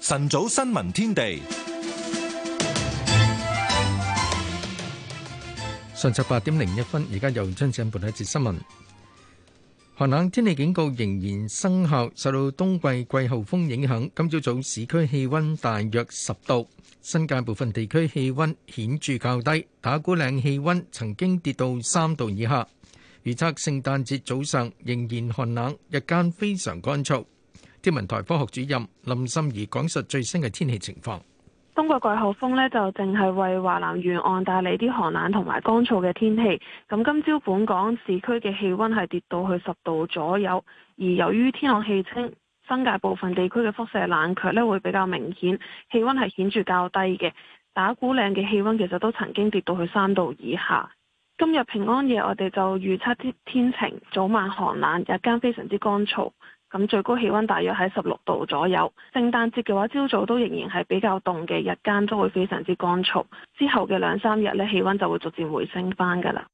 晨早新聞天地，上晝八點零一分，而家又更新本一節新聞。寒冷天氣警告仍然生效，受到冬季季候風影響，今朝早市區氣溫大約十度，新界部分地區氣溫顯著較低，打鼓嶺氣溫曾經跌到三度以下。預測聖誕節早上仍然寒冷，日間非常乾燥。天文台科學主任林心怡講述最新嘅天氣情況。冬季季候風呢，就淨係為華南沿岸帶嚟啲寒冷同埋乾燥嘅天氣。咁今朝本港市區嘅氣溫係跌到去十度左右，而由於天朗氣清，新界部分地區嘅輻射冷卻呢會比較明顯，氣溫係顯著較低嘅。打鼓嶺嘅氣溫其實都曾經跌到去三度以下。今日平安夜我哋就預測天天晴，早晚寒冷，日間非常之乾燥。咁最高氣溫大約喺十六度左右。聖誕節嘅話，朝早都仍然係比較凍嘅，日間都會非常之乾燥。之後嘅兩三日咧，氣溫就會逐漸回升翻噶啦。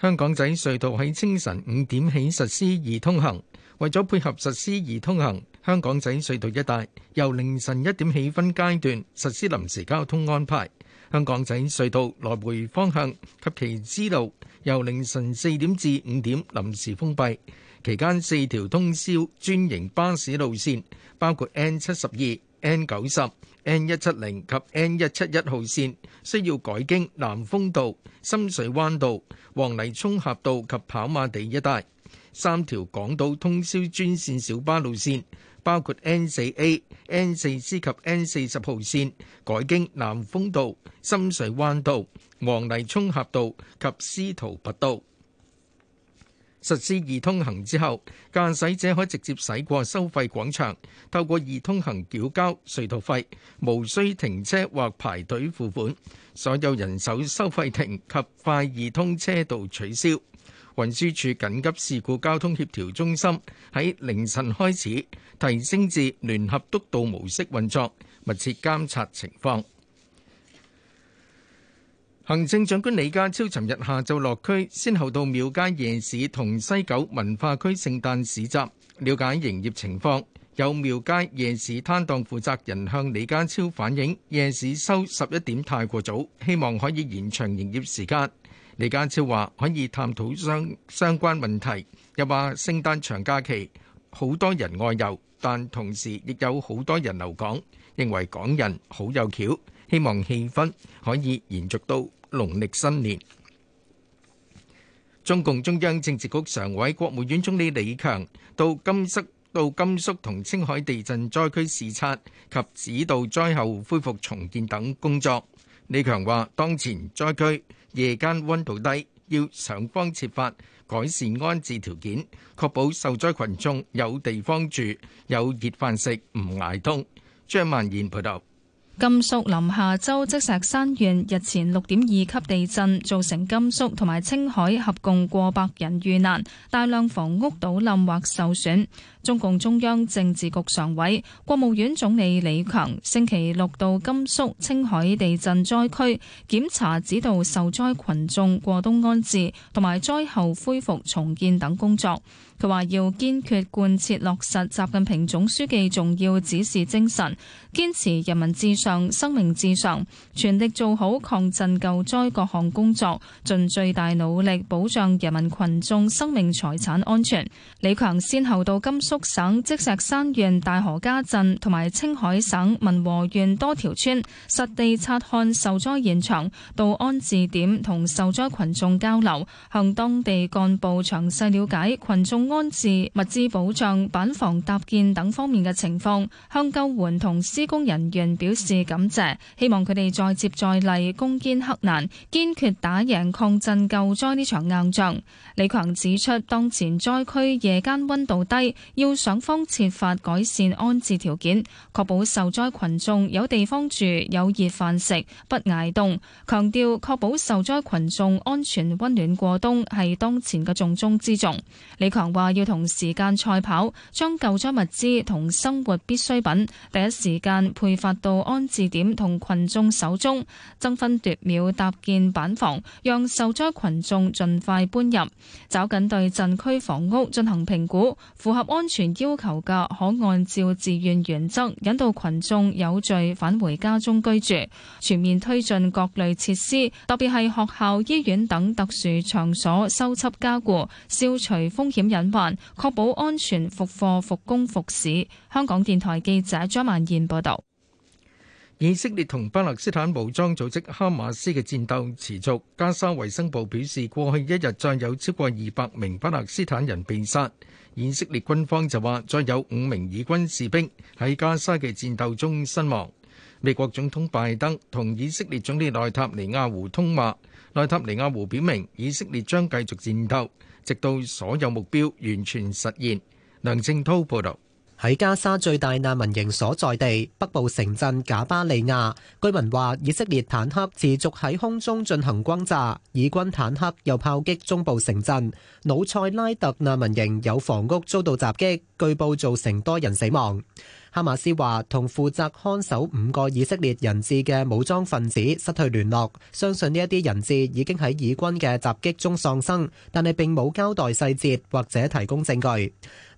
香港仔隧道喺清晨五點起實施而通行，為咗配合實施而通行，香港仔隧道一帶由凌晨一點起分階段實施臨時交通安排。香港仔隧道來回方向及其支路，由凌晨四點至五點臨時封閉，期間四條通宵專營巴士路線，包括 N 七十二、N 九十、N 一七零及 N 一七一號線，需要改經南風道、深水灣道、黃泥涌峽道及跑馬地一帶；三條港島通宵專線小巴路線。包括 N4A、N4C 及 N40 號線改經南風道、深水灣道、黃泥涌峽道及司徒拔道。實施易通行之後，駕駛者可直接駛過收費廣場，透過易通行繳交隧道費，無需停車或排隊付款。所有人手收費亭及快易通車道取消。運輸處緊急事故交通協調中心喺凌晨開始提升至聯合督導模式運作，密切監察情況。行政長官李家超尋日下晝落區，先後到廟街夜市同西九文化區聖誕市集，了解營業情況。有廟街夜市攤檔負責人向李家超反映，夜市收十一點太過早，希望可以延長營業時間。李家超話可以探討相相關問題，又話聖誕長假期好多人外遊，但同時亦有好多人留港，認為港人好有橋，希望氣氛可以延續到農曆新年。中共中央政治局常委、國務院總理李強到甘肅到甘肅同青海地震災區視察及指導災後恢復重建等工作。李強話：當前災區夜間溫度低，要想方設法改善安置條件，確保受災群眾有地方住、有熱飯食、唔挨凍。張曼然報道。甘肅臨夏州積石山縣日前六點二級地震造成甘肅同埋青海合共過百人遇難，大量房屋倒冧或受損。中共中央政治局常委、國務院總理李強星期六到甘肅、青海地震災區檢查指導受災群眾過冬安置同埋災後恢復重建等工作。佢話要堅決貫徹落實習近平總書記重要指示精神，堅持人民至上、生命至上，全力做好抗震救災各項工作，盡最大努力保障人民群眾生命財產安全。李強先後到甘肅省積石山縣大河家鎮同埋青海省民和縣多條村，實地察看受災現場，到安置點同受災群眾交流，向當地幹部詳細了解群眾安置、物資保障、板房搭建等方面嘅情況，向救援同施工人員表示感謝，希望佢哋再接再厲，攻堅克難，堅決打贏抗震救災呢場硬仗。李強指出，當前災區夜間溫度低，要想方設法改善安置條件，確保受災群眾有地方住、有熱飯食、不捱凍。強調確保受災群眾安全溫暖過冬係當前嘅重中之重。李強。話要同時間賽跑，將救災物資同生活必需品第一時間配發到安置點同群眾手中，爭分奪秒搭建板房，讓受災群眾盡快搬入。抓緊對震區房屋進行評估，符合安全要求嘅可按照自願原則引導群眾有序返回家中居住。全面推進各類設施，特別係學校、醫院等特殊場所修葺加固，消除風險。確保安全復課、復工、復市。香港電台記者張曼燕報道：以色列同巴勒斯坦武裝組織哈馬斯嘅戰鬥持續。加沙衛生部表示，過去一日再有超過二百名巴勒斯坦人被殺。以色列軍方就話，再有五名以軍士兵喺加沙嘅戰鬥中身亡。美國總統拜登同以色列總理內塔尼亞胡通話，內塔尼亞胡表明以色列將繼續戰鬥。直到所有目標完全實現，梁正濤報道。喺加沙最大難民營所在地北部城鎮賈巴利亞，居民話以色列坦克持續喺空中進行轟炸，以軍坦克又炮擊中部城鎮魯塞拉特難民營，有房屋遭到襲擊，據報造成多人死亡。哈馬斯話同負責看守五個以色列人質嘅武裝分子失去聯絡，相信呢一啲人質已經喺以軍嘅襲擊中喪生，但係並冇交代細節或者提供證據。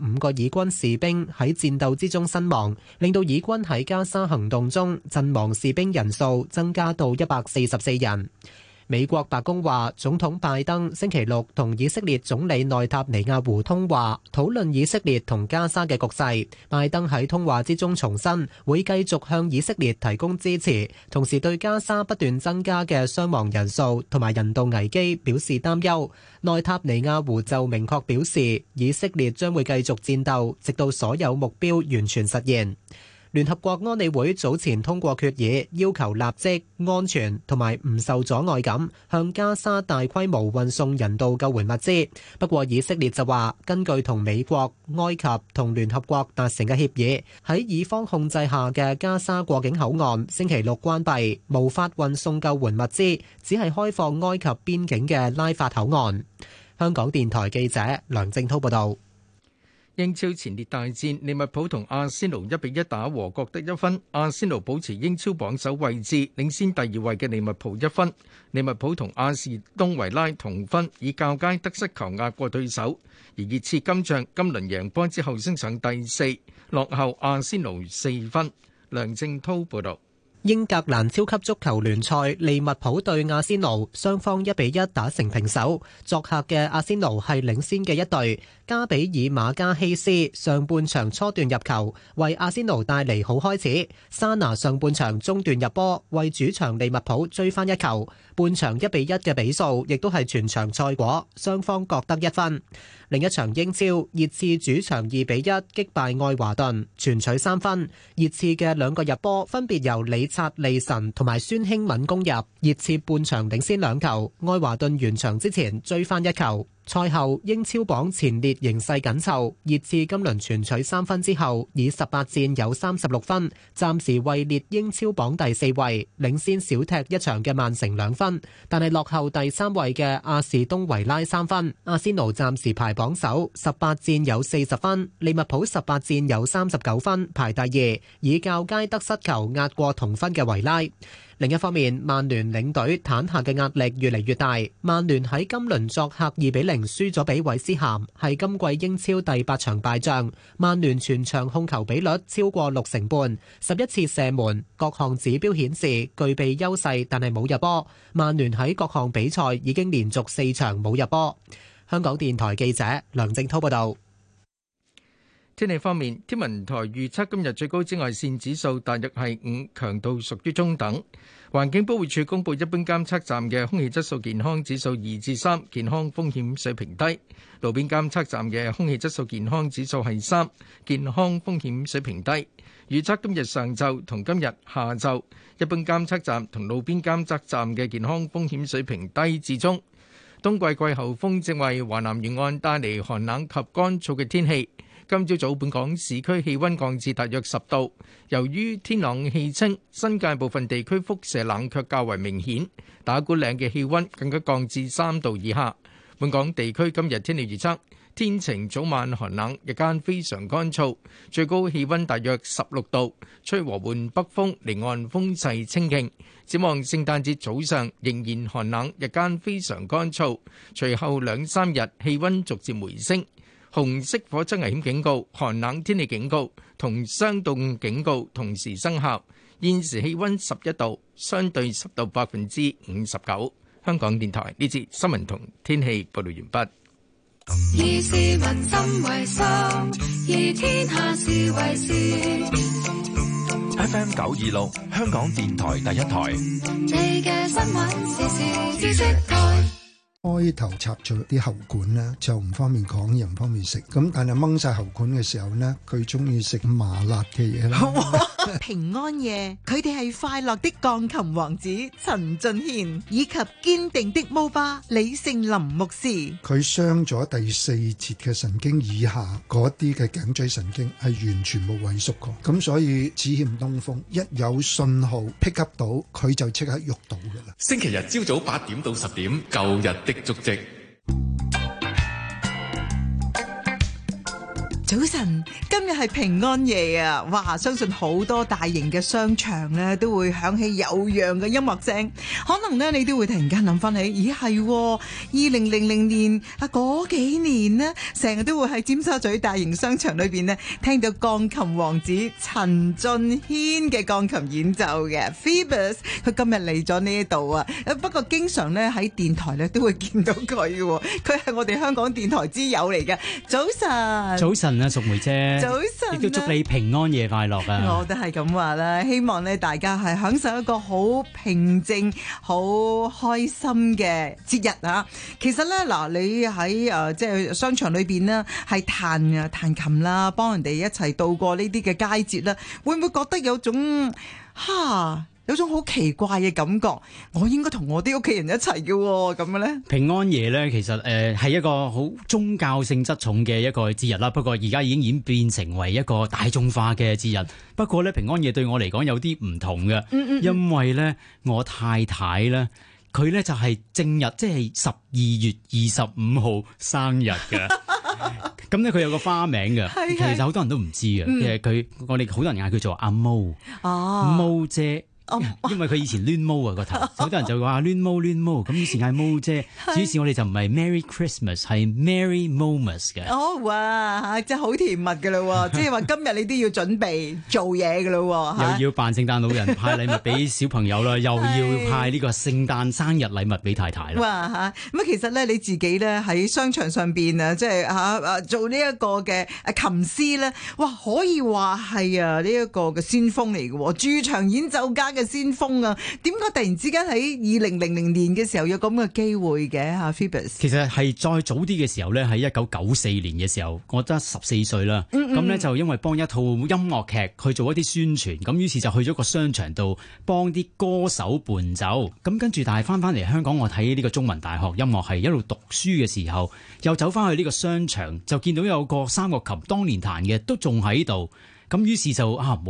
五個以軍士兵喺戰鬥之中身亡，令到以軍喺加沙行動中陣亡士兵人數增加到一百四十四人。美國白宮話，總統拜登星期六同以色列總理內塔尼亞胡通話，討論以色列同加沙嘅局勢。拜登喺通話之中重申，會繼續向以色列提供支持，同時對加沙不斷增加嘅傷亡人數同埋人道危機表示擔憂。內塔尼亞胡就明確表示，以色列將會繼續戰鬥，直到所有目標完全實現。聯合國安理會早前通過決議，要求立即安全同埋唔受阻礙噉向加沙大規模運送人道救援物資。不過以色列就話，根據同美國、埃及同聯合國達成嘅協議，喺以方控制下嘅加沙過境口岸星期六關閉，無法運送救援物資，只係開放埃及邊境嘅拉法口岸。香港電台記者梁正滔報導。英超前列大戰，利物浦同阿仙奴一比一打和，各得一分。阿仙奴保持英超榜首位置，領先第二位嘅利物浦一分。利物浦同阿士東維拉同分，以較佳得失球壓過對手。而熱刺今仗今輪贏波之後升上第四，落後阿仙奴四分。梁正濤報道。英格蘭超級足球聯賽，利物浦對阿仙奴，雙方一比一打成平手。作客嘅阿仙奴係領先嘅一隊，加比爾馬加希斯上半場初段入球，為阿仙奴帶嚟好開始。沙拿上半場中段入波，為主場利物浦追翻一球。半場一比一嘅比數，亦都係全場賽果，雙方各得一分。另一場英超，熱刺主場二比一擊敗愛華頓，全取三分。熱刺嘅兩個入波分別由李察利神同埋孫興敏攻入，熱刺半場領先兩球，愛華頓完場之前追翻一球。賽後英超榜前列形勢緊湊，熱刺今輪全取三分之後，以十八戰有三十六分，暫時位列英超榜第四位，領先少踢一場嘅曼城兩分，但係落後第三位嘅阿士東維拉三分。阿仙奴暫時排榜首，十八戰有四十分，利物浦十八戰有三十九分，排第二，以較佳得失球壓過同分嘅維拉。另一方面，曼聯領隊坦赫嘅壓力越嚟越大。曼聯喺今輪作客二比零輸咗俾韋斯咸，係今季英超第八場敗仗。曼聯全場控球比率超過六成半，十一次射門，各項指標顯示具備優勢，但係冇入波。曼聯喺各項比賽已經連續四場冇入波。香港電台記者梁正濤報導。天氣方面，天文台預測今日最高紫外綫指數大約係五，強度屬於中等。環境保護署公布一般監測站嘅空氣質素健康指數二至三，健康風險水平低；路邊監測站嘅空氣質素健康指數係三，健康風險水平低。預測今日上晝同今日下晝，一般監測站同路邊監測站嘅健康風險水平低至中。冬季季候風正為華南沿岸帶嚟寒冷及乾燥嘅天氣。今朝早，早，本港市區氣溫降至大約十度，由於天朗氣清，新界部分地區輻射冷卻較為明顯，打鼓嶺嘅氣溫更加降至三度以下。本港地區今日天氣預測，天晴，早晚寒冷，日間非常乾燥，最高氣溫大約十六度，吹和緩北風，離岸風勢清勁。展望聖誕節早上仍然寒冷，日間非常乾燥，隨後兩三日氣溫逐漸回升。紅色火災危險警告、寒冷天氣警告同霜凍警告同時生效。現時氣温十一度，相對濕度百分之五十九。香港電台呢節新聞同天氣報道完畢。以市民心為心，以天下事為事。FM 九二六，香港電台第一台。你嘅新聞時事知識台。開頭插咗啲喉管啦，就唔方便講，又唔方便食。咁但係掹晒喉管嘅時候咧，佢中意食麻辣嘅嘢啦。 平安夜，佢哋係快樂的鋼琴王子陳俊賢，以及堅定的牧巴李勝林牧師。佢傷咗第四節嘅神經以下嗰啲嘅頸椎神經係完全冇萎縮過，咁所以只欠東風，一有信號 pick up 到佢就即刻喐到噶啦。星期日朝早八點到十點，舊日的足跡。早晨，今日係平安夜啊！哇，相信好多大型嘅商場咧都會響起悠揚嘅音樂聲，可能咧你都會突然間諗翻起，咦係？二零零零年啊，嗰幾年咧，成日都會喺尖沙咀大型商場裏邊咧聽到鋼琴王子陳俊軒嘅鋼琴演奏嘅 Phoebus 佢今日嚟咗呢度啊！不過經常咧喺電台咧都會見到佢，佢係我哋香港電台之友嚟嘅。早晨，早晨。淑梅姐，早晨，亦都、啊、祝你平安夜快樂啊！我都係咁話啦，希望咧大家係享受一個好平靜、好開心嘅節日啊！其實咧，嗱，你喺誒即係商場裏邊呢，係彈啊彈琴啦，幫人哋一齊度過呢啲嘅佳節啦，會唔會覺得有種哈？有種好奇怪嘅感覺，我應該同我啲屋企人一齊嘅咁嘅咧。平安夜咧，其實誒係一個好宗教性質重嘅一個節日啦。不過而家已經演變成為一個大眾化嘅節日。不過咧平安夜對我嚟講有啲唔同嘅，因為咧我太太咧佢咧就係正日即係十二月二十五號生日嘅。咁咧佢有個花名嘅，其實好多人都唔知嘅，其實佢我哋好多人嗌佢做阿毛，啊，毛姐。因為佢以前攣毛啊個頭，好、哦、多人就話攣毛攣毛。咁以前阿毛啫，是於是，我哋就唔係 Merry Christmas，係 Merry Momas 嘅。哦哇，即係好甜蜜嘅嘞， 即係話今日你都要準備做嘢嘅嘞，又要扮聖誕老人派禮物俾小朋友啦， 又要派呢個聖誕生日禮物俾太太啦。哇嚇，咁啊其實咧你自己咧喺商場上邊啊，即係嚇啊做呢一個嘅琴師咧，哇可以話係啊呢一個嘅先鋒嚟嘅，駐場演奏家。先鋒啊！點解突然之間喺二零零零年嘅時候有咁嘅機會嘅嚇？Fibers 其實係再早啲嘅時候呢，喺一九九四年嘅時候，我得十四歲啦。咁、嗯、呢、嗯，就因為幫一套音樂劇去做一啲宣傳，咁於是就去咗個商場度幫啲歌手伴奏。咁跟住，但係翻翻嚟香港，我睇呢個中文大學音樂系一路讀書嘅時候，又走翻去呢個商場，就見到有個三角琴，當年彈嘅都仲喺度。咁於是就啊～